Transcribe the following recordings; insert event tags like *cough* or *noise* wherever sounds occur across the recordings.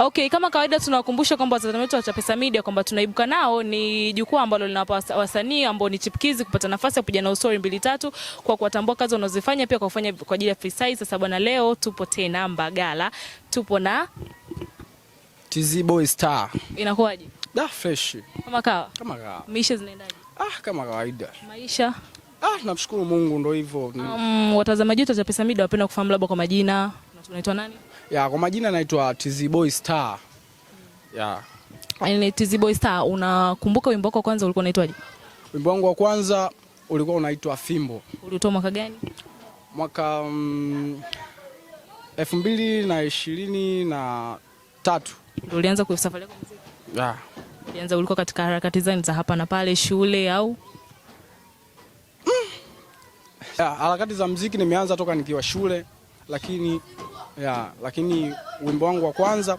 Okay, kama kawaida tunawakumbusha kwamba watazamaji wetu wa Chapesa Media kwamba tunaibuka nao ni jukwaa ambalo linawapa wasanii ambao ni chipkizi kupata nafasi ya kuja na ustori mbili tatu kwa kuwatambua kazi wanazofanya pia kwa kufanya kwa ajili ya freestyle. Sasa bwana, leo tupo tena Mbagala, tupo na TZ Boy Star. Inakuwaje? Da fresh. Kama kawa. Kama kawa. Maisha zinaendaje? Ah, kama kawaida. Maisha. Ah, namshukuru Mungu ndo hivyo. Um, watazamaji wetu wa Chapesa Media wapenda kufahamu labda kwa majina. Tunaitwa nani? Ya, kwa majina naitwa TZ Boy Star. Ya. Yaani ni TZ Boy Star, unakumbuka wimbo wako kwanza ulikuwa unaitwaje? Wimbo wangu wa kwanza ulikuwa unaitwa Fimbo. Ulitoa mwaka gani? Mwaka mm, elfu mbili na ishirini na tatu. Ndio ulianza kwa safari yako muziki? Ya. Ulianza ulikuwa katika harakati zani za hapa na pale shule au? Mm. Ya, harakati za muziki nimeanza toka nikiwa shule lakini ya, lakini wimbo wangu wa kwanza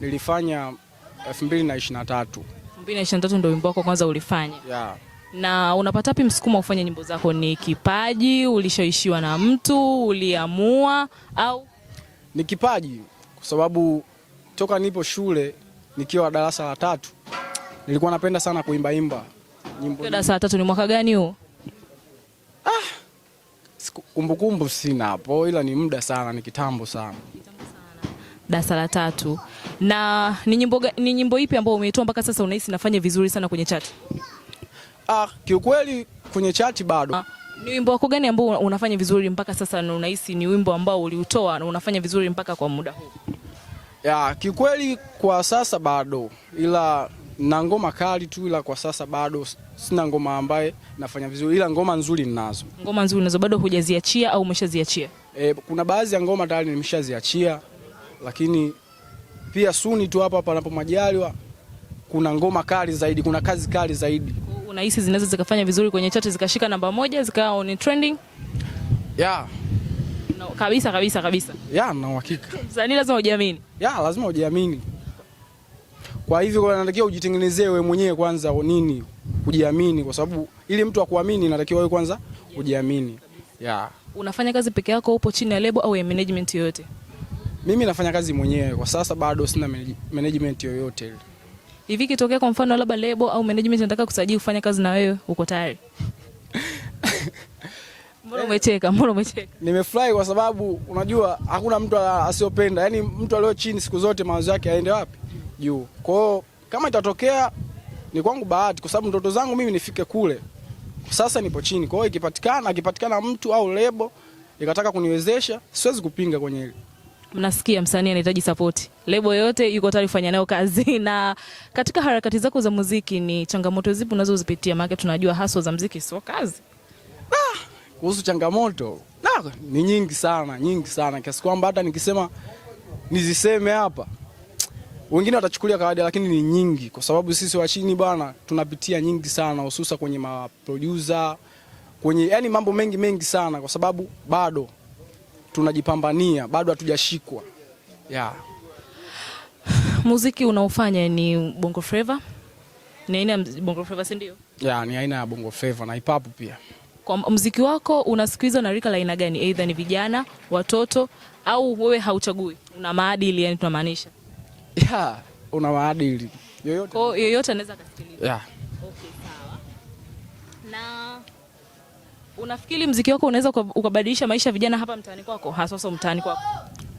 nilifanya 2023. 2023 ndio wimbo wako kwanza ulifanya ya. Na unapata wapi msukumo wa kufanya nyimbo zako? Ni kipaji, ulishawishiwa na mtu, uliamua au ni kipaji? Kwa sababu toka nipo shule nikiwa darasa la tatu nilikuwa napenda sana imba. nyimbo. Darasa la tatu ni mwaka gani huo? kumbukumbu sina hapo, ila ni muda sana, ni kitambo sana. Darasa la tatu. Na ni nyimbo ni nyimbo ipi ambayo umeitoa mpaka sasa unahisi nafanya vizuri sana kwenye chati? Ah, kiukweli kwenye chati bado. Ah, ni wimbo wako gani ambao unafanya vizuri mpaka sasa na unahisi ni wimbo ambao uliutoa na unafanya vizuri mpaka kwa muda huu? Ya, kiukweli kwa sasa bado ila na ngoma kali tu, ila kwa sasa bado sina ngoma ambaye nafanya vizuri, ila ngoma nzuri ninazo. Ngoma nzuri nazo bado hujaziachia au umeshaziachia? E, kuna baadhi ya ngoma tayari nimeshaziachia, lakini pia suni tu hapa panapo majaliwa, kuna ngoma kali zaidi, kuna kazi kali zaidi. Unahisi zinaweza zikafanya vizuri kwenye chati zikashika namba moja zikawa on trending? Yeah. No, kabisa kabisa kabisa. Yeah, na uhakika. Sasa lazima ujiamini. Yeah, lazima ujiamini. Kwa hivyo natakiwa ujitengenezee wewe mwenyewe kwanza nini, kujiamini, kwa sababu ili mtu akuamini, natakiwa wewe kwanza ujiamini. Yeah. Unafanya kazi peke yako, upo chini ya lebo au ya management yoyote? Mimi nafanya kazi mwenyewe kwa sasa, bado sina management yoyote. Hivi kitokea kwa mfano labda lebo au management nataka kusajili kufanya kazi na wewe, uko tayari? *laughs* Mbona umecheka? Mbona umecheka? Nimefurahi kwa sababu unajua hakuna mtu asiyopenda, yaani mtu aliyo chini siku zote mawazo yake aende wapi? juu. Kwa hiyo kama itatokea ni kwangu bahati, kwa sababu ndoto zangu mimi nifike kule, sasa nipo chini. Kwa hiyo ikipatikana, akipatikana mtu au lebo ikataka kuniwezesha, siwezi kupinga kwenye hili. Mnasikia, msanii anahitaji support. lebo yote yuko tayari kufanya nayo kazi. *laughs* Na katika harakati zako za muziki, ni changamoto zipi unazozipitia? Maana tunajua haso za muziki sio kazi. Ah, kuhusu changamoto na, ah, ni nyingi sana, nyingi sana kiasi kwamba hata nikisema niziseme hapa wengine watachukulia kawaida, lakini ni nyingi, kwa sababu sisi wa chini bwana tunapitia nyingi sana, hususa kwenye maproducer, kwenye yani mambo mengi mengi sana, kwa sababu bado tunajipambania, bado hatujashikwa yeah. Muziki unaofanya ni Bongo Flava, ni aina ya Bongo Flava, si ndio? Yeah, ni aina ya Bongo Flava na hip hop pia. Kwa muziki wako unasikilizwa na rika la aina gani? Aidha ni vijana, watoto au wewe hauchagui? Una maadili yani tunamaanisha yeah, maadili yoyote, oh, yoyote anaweza kusikiliza. Yeah. Okay, sawa. Na unafikiri mziki wako unaweza ukabadilisha maisha vijana hapa mtaani kwako, hasa sasa mtaani kwako?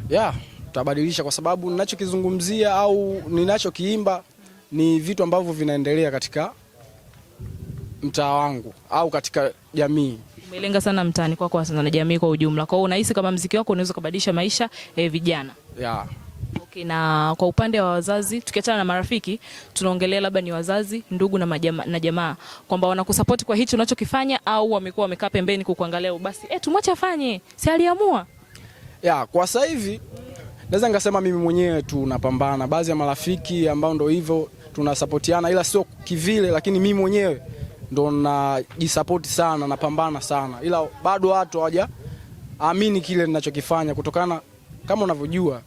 Yeah, tabadilisha kwa sababu ninachokizungumzia au ninachokiimba ni vitu ambavyo vinaendelea katika mtaa wangu au katika jamii. Umelenga sana mtaani kwako na jamii kwa ujumla. Kwa hiyo unahisi kama mziki wako unaweza kubadilisha maisha eh, vijana? Yeah. Na kwa upande wa wazazi, tukiachana na marafiki, tunaongelea labda ni wazazi, ndugu na majama, na jamaa kwamba wanakusapoti kwa hicho unachokifanya au wamekuwa wamekaa pembeni kukuangalia, basi eh, tumwache afanye, si aliamua. Ya, kwa sasa hivi naweza ngasema mimi mwenyewe tunapambana, baadhi ya marafiki ambao ndio hivyo tunasapotiana, ila sio kivile, lakini mimi mwenyewe ndo najisapoti sana, napambana sana, ila bado watu hawajaamini kile ninachokifanya kutokana, kama unavyojua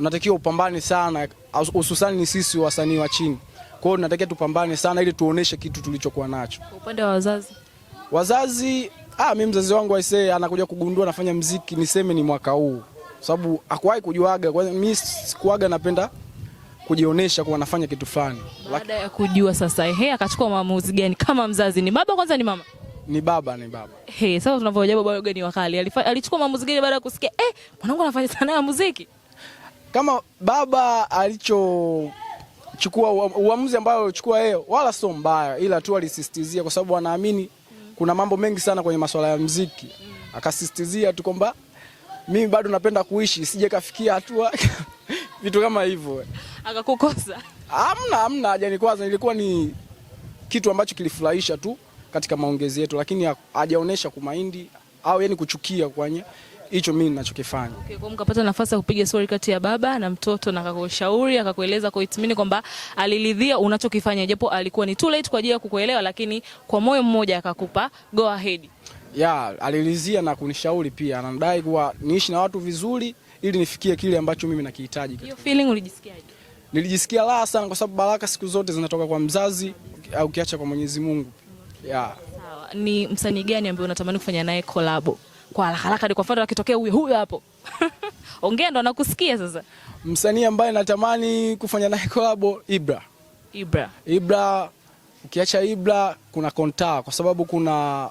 unatakiwa upambane sana, hususani ni sisi wasanii wa chini. Kwa hiyo tunatakiwa tupambane sana ili tuoneshe kitu tulichokuwa nacho. Upande wa wazazi, wazazi ah, mimi mzazi wangu aisee, anakuja kugundua nafanya mziki, niseme ni mwaka huu, sababu akuwahi kujuaga. Kwa mimi sikuaga napenda kujionesha kuwa nafanya kitu fulani. Baada ya kujua sasa, ehe, akachukua maamuzi gani? Kama mzazi ni baba kwanza, ni mama ni baba ni baba. Hey, sasa tunavyojabu baba gani wakali alichukua maamuzi gani baada ya kusikia eh, mwanangu anafanya sanaa ya muziki? kama baba alichochukua uamuzi ambayo alichukua yeye wala sio mbaya, ila tu alisisitizia kwa sababu anaamini kuna mambo mengi sana kwenye masuala ya mziki, akasisitizia tu kwamba mimi bado napenda kuishi, sije kafikia hatua *laughs* vitu kama hivyo. Akakukosa? Hamna, hamna haja. Ni kwanza ilikuwa ni kitu ambacho kilifurahisha tu katika maongezi yetu, lakini hajaonesha kumaindi au yani kuchukia kwenye hicho mimi ninachokifanya. Okay, kwa mkapata nafasi ya kupiga story kati ya baba na mtoto na akakushauri akakueleza kwa itimini kwamba aliridhia unachokifanya japo alikuwa ni too late kwa ajili ya kukuelewa, lakini kwa moyo mmoja akakupa go ahead. Ya, alilizia na kunishauri pia, anadai kuwa niishi na watu vizuri ili nifikie kile ambacho mimi nakihitaji. Hiyo feeling ulijisikiaje? Nilijisikia raha sana kwa sababu baraka siku zote zinatoka kwa mzazi au ukiacha kwa Mwenyezi Mungu. Ya. Sawa. Ni msanii gani ambaye unatamani kufanya naye collab? kwa haraka haraka, ni kwa mfano akitokea huyo huyo hapo *laughs* ongea ndo nakusikia sasa. Msanii ambaye natamani kufanya naye kolabo Ibra. Ibra, Ibra, ukiacha Ibra kuna Konta, kwa sababu kuna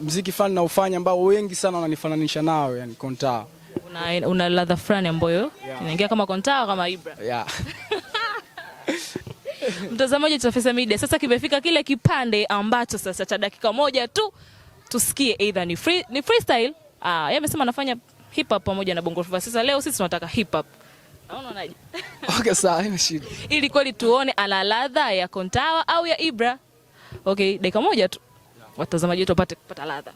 mziki fani naufanya ambao wengi sana wananifananisha nao, yani Konta Una, una ladha fulani ambayo yeah, inaingia kama Kontaa kama Ibra yeah. *laughs* Mtazamaji wa Chapesa Media, sasa kimefika kile kipande ambacho sasa cha dakika moja tu tusikie either ni free, ni freestyle. Ah, yeye amesema anafanya hip hop pamoja na bongo flava. Sasa leo sisi tunataka hip hop. Naona unaje? *laughs* Okay, sawa, shida. Ili kweli tuone ala ladha ya Kontawa au ya Ibra. Okay, dakika moja tu watazamaji wetu wapate kupata ladha.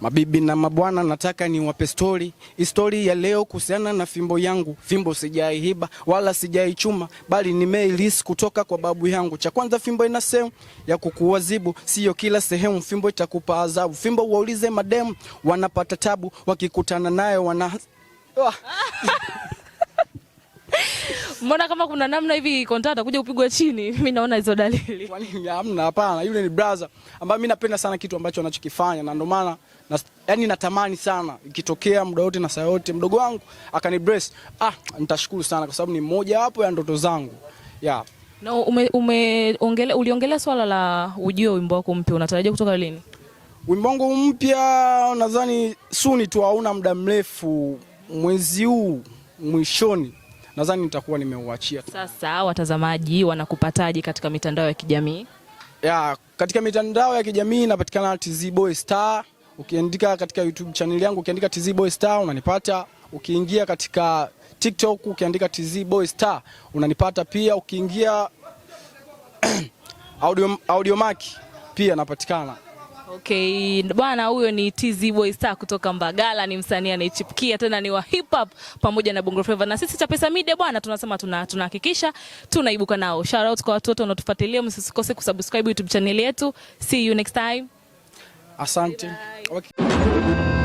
Mabibi na mabwana, nataka niwape stori, histori ya leo kuhusiana na fimbo yangu. Fimbo sijaihiba wala sijaichuma, bali nimeilisi kutoka kwa babu yangu. Cha kwanza, fimbo ina sehemu ya kukuwazibu, sio kila sehemu fimbo itakupa adhabu. Fimbo waulize mademu, wanapata tabu wakikutana nayo wana *laughs* *laughs* Mbona kama kuna namna hivi Konta atakuja kupigwa chini? *laughs* Mimi naona hizo dalili. Hamna, hapana. Yule ni brother ambaye mimi napenda sana kitu ambacho anachokifanya na ndio maana na, yani natamani sana ikitokea muda wote na saa yote mdogo wangu akani brace. Ah, nitashukuru sana kwa sababu ni mmoja wapo ya ndoto zangu. Yeah. Na ume, ume ongele, uliongelea swala la ujio wimbo wako mpya unatarajia kutoka lini? Wimbo wangu mpya nadhani suni tu hauna muda mrefu mwezi huu mwishoni nadhani nitakuwa nimeuachia. Sasa watazamaji wanakupataje katika mitandao ya kijamii? Ya, katika mitandao ya kijamii napatikana TZ Boy Star. Ukiandika katika YouTube channel yangu ukiandika TZ Boy Star unanipata. Ukiingia katika TikTok ukiandika TZ Boy Star unanipata pia. Ukiingia *clears throat* Audio Audio Mac pia napatikana. Okay, bwana huyo ni TZ Boy Star kutoka Mbagala, ni msanii anayechipukia tena ni wa hip hop pamoja na Bongo Flava. Na sisi Chapesa Media bwana tunasema tunahakikisha tunaibuka nao. Shout out kwa watu wote wanaotufuatilia, msisikose kusubscribe YouTube channel yetu. See you next time. Asante. Bye bye. Okay.